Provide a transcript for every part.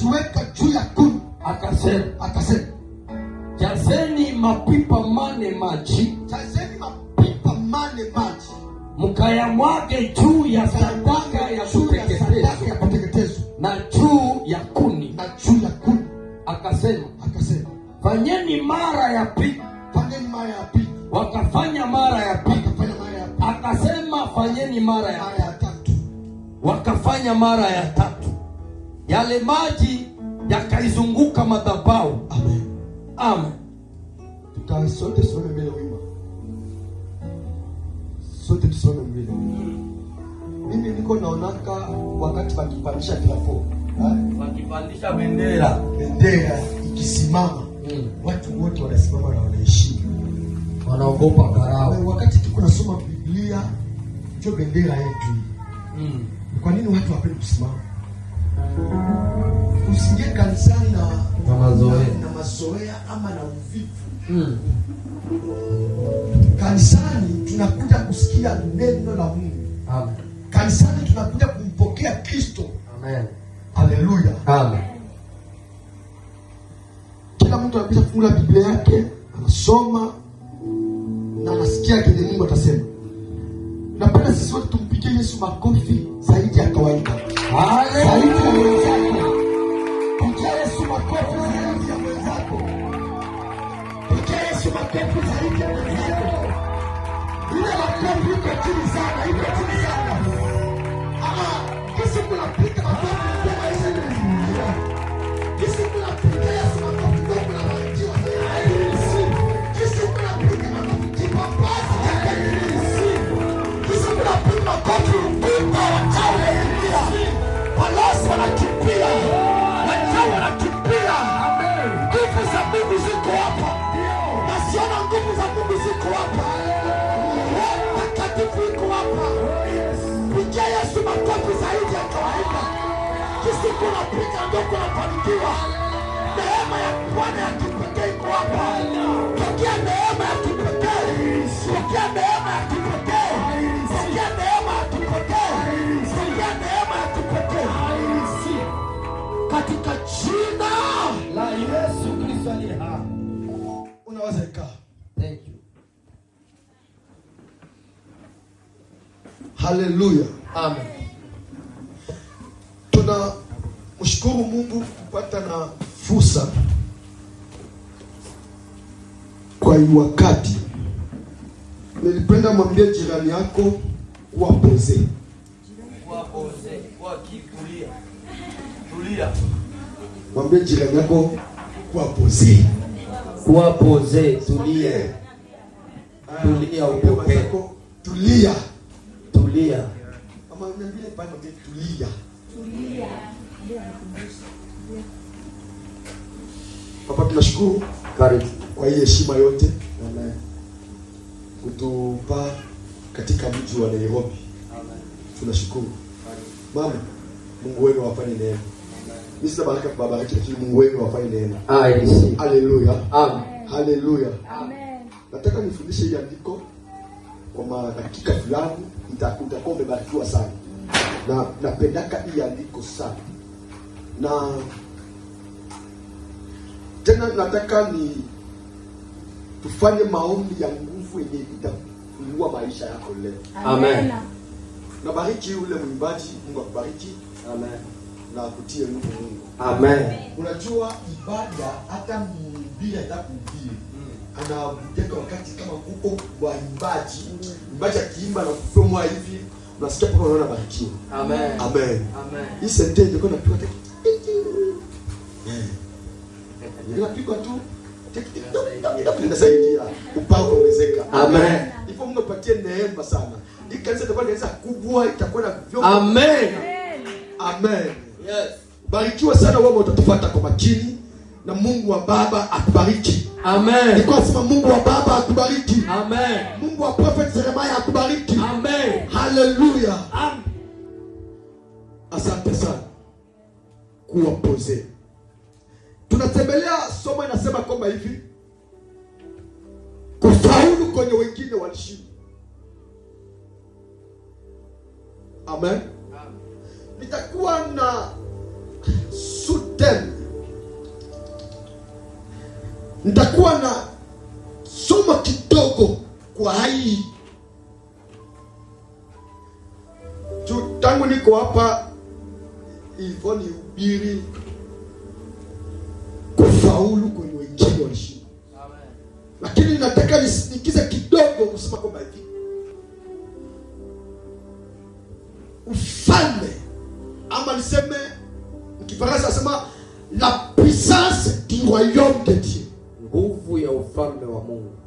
akaziweka juu ya kuni, akasema akasema, jazeni mapipa mane maji, jazeni mapipa mane maji, mkayamwage juu ya sadaka ya kuteketezwa na juu ya kuni, na juu ya kuni. Akasema akasema, fanyeni mara ya pili, fanyeni mara ya pili. Wakafanya mara ya pili, akasema fanyeni mara ya tatu, wakafanya mara ya tatu yale maji yakaizunguka madhabau Amen, amen. Tukae sote sote mbele wima, sote tusome mbele. Mimi niko naonaka wakati wakipandisha plafo, wakipandisha bendera, bendera ikisimama mm. watu wote wanasimama na wanaheshimu, wanaogopa karao Wakati tuko nasoma Biblia, ndio bendera yetu mm. Kwa nini watu wapende kusimama? Usiingie kanisani na na mazoea na ama na uvivu mm. Kanisani tunakuja kusikia neno la Mungu Kanisani tunakuja kumpokea Kristo Amen. Kila mtu anapisa kufunga Biblia yake anasoma na anasikia kile Mungu atasema. Napenda sisi wote tumpigie Yesu makofi zaidi ya kawaida, zaidi ya Yesu makofi zaidi ya kawaida. Kisiku napiga ndoko nafanikiwa. Neema ya Bwana ya kipekee iko hapa. Pokea neema ya kipekee, pokea neema ya kipekee, pokea neema ya kipekee, pokea neema ya kipekee katika jina la Yesu Kristo aliye hai. Unaweza ikaa. Thank you. Haleluya, amen. mshukuru Mungu kupata na fursa kwa hii wakati. Nilipenda mwambie jirani yako wapoze mwambie jirani yako kuwapoze kuwapoze, tulie tulia, upokeko tulia kulia. Kama vile pale tulia. Tulia. Papa tunashukuru karibu kwa hii heshima yote Amen. kutupa katika mji wa Nairobi. Amen. Tunashukuru mama, Mungu wenu awafanye neema. Mimi sina baraka baba yake, lakini Mungu wenu awafanye neema. Ah, haleluya, amen, haleluya, amen. Nataka nifundishe hii andiko kwa madakika fulani utakuwa umebarikiwa sana, na napendaka hii andiko sana, na tena nataka ni tufanye maombi ya nguvu yenye itafungua maisha yako leo. Amen. Na bariki yule mwimbaji, Mungu akubariki. Amen. Na kutie nguvu Mungu. Amen. Unajua ibada hata mhubiri atakuhubiri. Mm. Anahubiri wakati kama kuko waimbaji. Mm mchungaji akiimba na kupromwa hivi unasikia mpaka unaona barikiwa. Amen. Amen. Amen. Hii sentensi ilikuwa inapigwa tek. Eh. Inapigwa tu tek tek inasaidia upao kuongezeka. Amen. Ipo Mungu apatie neema sana. Hii kanisa itakuwa kanisa kubwa itakuwa na vyombo. Amen. Amen. Yes. Barikiwa sana wewe utatufuata kwa makini na Mungu wa baba akubariki. Amen. Nilikuwa sema Mungu wa baba akubariki. Amen. Mungu wa prophet Jeremiah akubariki. Amen. Haleluya. Amen. Asante sana kuwa pose. Tunatembelea somo inasema kwamba hivi kufaulu kwenye wengine walishinda. Amen. Amen. Nitakuwa na kwa hai. Tangu niko hapa ilikuwa ni ubiri kufaulu kwenye wengine walishinda, lakini nataka nisindikize kidogo kusema kwamba hivi ufalme ama niseme Kifaransa asema la puissance du royaume de Dieu, nguvu ya ufalme wa Mungu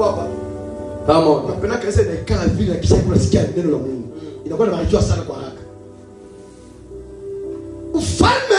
Mungu hapa. Kama unapenda kanisa inakaa vile kisha unasikia neno la Mungu. Inakuwa na maana sana kwa haraka. Ufalme